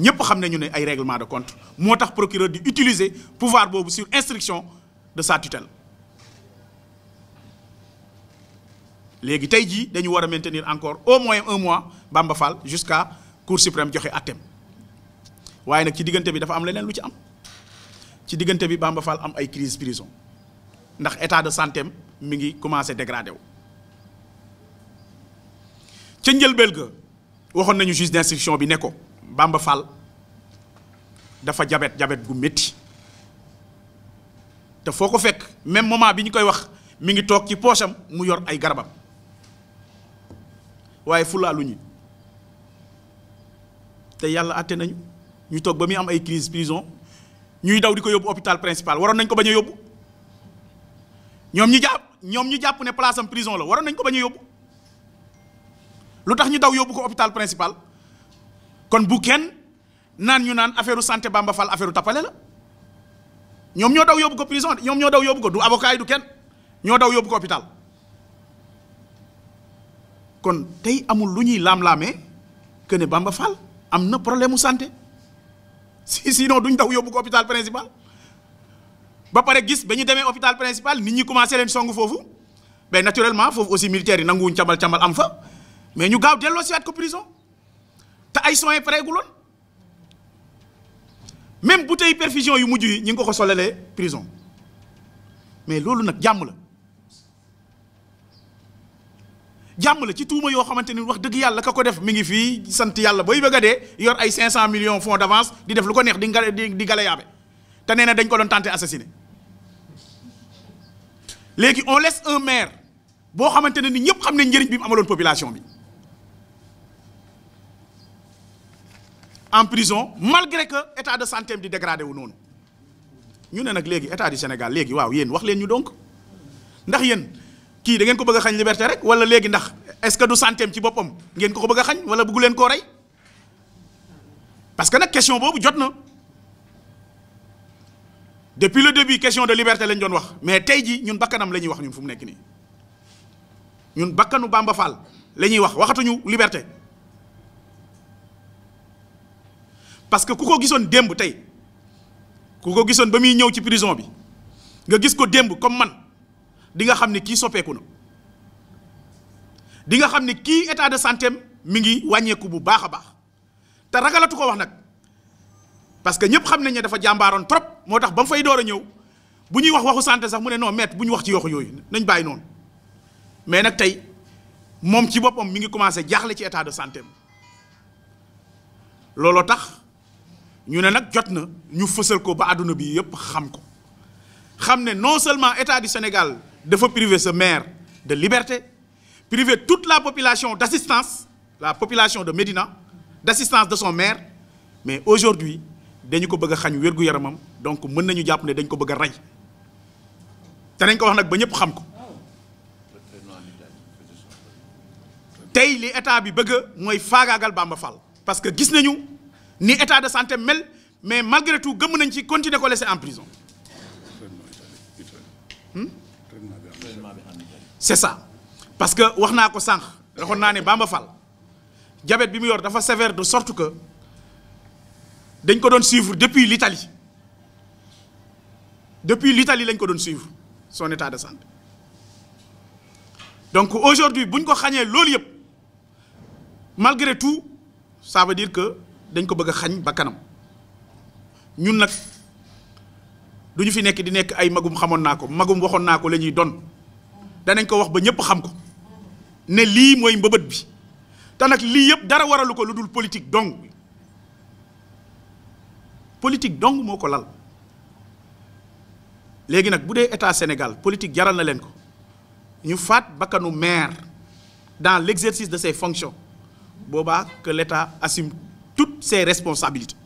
ñëpp xam nañu ne ay règlement de compte moo tax procureur di utiliser pouvoir boobu sur instruction de sa tutelle léegi tey jii dañu war a maintenir encore au moins un mois Bamba Fall jusqu'à cour suprême joxe àtteem waaye nag ci diggante bi dafa am leneen lu ci am ci diggante bi Bamba Fall am ay crise prison ndax état de santé am mi ngi commencé dégradé ca njëlbéel ga waxoon nañu juge d'instruction bi ne ko Bamba fàll dafa jabet jabet gu métti te foo ko fekk même moment bi ñu koy wax mi ngi toog ci poosam mu yor ay garabam waaye fulaalu ñi te yàlla àtte nañu ñu toog ba muy am ay crise prison ñuy daw di ko yóbbu hôpital principal waroon nañ ko bañ a yóbbu ñoom ñu jàpp ñoom ñu jàpp ne place prison la waroon nañ ko bañ a yóbbu lu tax ñu daw yóbbu ko hôpital principal kon bu kenn naan ñu naan affaire santé Bamba Fall affaire tappale la ñoom ñoo daw yóbbu ko prison ñoom ñoo daw yóbbu ko du avocat du kenn ñoo daw yóbbu ko hôpital kon tey amul lu ñuy laam-laamee que ne Bamba Fall am na problème mu santé si sinon duñ daw yóbbu ko hôpital principal ba pare gis ba ñu demee hôpital principal nit ñi commencé leen song foofu mais naturellement foofu aussi militaires yi nanguwuñ camal cambal am fa mais ñu gaaw delloo siwaat ko prison ay so ay soins pareeguloon même bouteille perfusion yu mujj yi ñu ngi ko ko solalee prison mais loolu nag jàmm la jàmm la ci tuuma yoo xamante ni wax dëgg yàlla ka ko def mi ngi fii sant yàlla bay bëgg a dee yor ay cinq 500 millions fonds d'avance di def lu ko neex di nga di di galayaabe te nee na dañ ko doon tenté assassiné léegi on laisse un maire boo xamante ne ni ñëpp xam ne njëriñ bi mu amaloon population bi. en prison malgré que état de santé di dégradé wu noonu ñu ne nag léegi état du Sénégal léegi waaw yéen wax leen ñu donc ndax yéen kii da ngeen ko bëgg a xañ liberté rek wala léegi ndax est-ce que du santé ci boppam ngeen ko ko bëgg a xañ wala bëggu leen koo rey parce que nag question boobu jot na depuis le debut question de liberté lañ doon wax mais tey jii ñun bakkanam la ñuy wax ñun fu mu nekk nii ñun bakkanu Bamba Fall la ñuy wax waxatuñu liberté. parce que ku ko gisoon démb tey ku ko gisoon ba muy ñëw ci prison bi nga gis ko démb comme man di nga xam ne kii soppeeku na di nga xam ne kii état de santé mi ngi wàññeeku bu baax a baax te ragalatu ko wax nag parce que ñëpp xam nañ ne dafa jàmbaaroon trop moo tax ba mu fay door a ñëw bu ñuy wax waxu santé sax mu ne noo maître bu ñu wax ci yooxu yooyu nañ bàyyi noonu mais nag tey moom ci boppam mi ngi commencé jaaxle ci état de santé looloo tax. ñu ne nag jot na ñu fësal ko ba àdduna bi yëpp xam ko xam ne non seulement état du Sénégal dafa priver ce maire de liberté priver toute la population d'assistance la population de Médina d'assistance de son maire mais aujourd'hui dañu ko bëgg a xañ wér-gu-yaramam donc mën nañu jàpp ne dañ ko bëgg a rey te dañ ko wax nag ba ñëpp xam ko tey li état bi bëgg mooy faagaagal Bamba Fall parce que gis nañu ni état de santé mel mais malgré tout gëmm nañ ci continuer ko laisser en prison hmm? c'est ça parce que wax naa ko sànq waxoon naa ne Bamba fal diabète bi mu yor dafa sévère de sorte que dañ ko doon suivre depuis l'Italie depuis l'Italie lañ ko doon suivre son état de santé donc aujourd'hui buñ ko xañee loolu yëpp malgré tout ça veut dire que dañ ko bëgg a xañ bakkanam ñun nag du ñu fi nekk di nekk ay magum xamoon naa ko magum waxoon naa ko la ñuy don danañ ko wax ba ñëpp xam ko ne lii mooy mbëbët bi te nag lii yëpp dara waralu ko lu dul politique dong politique dong moo ko lal léegi nag bu dee état Sénégal politique jaral na leen ko ñu faat bakkanu maire dans l'exercice de ses fonctions boobaa que l'état assume ses responsabilités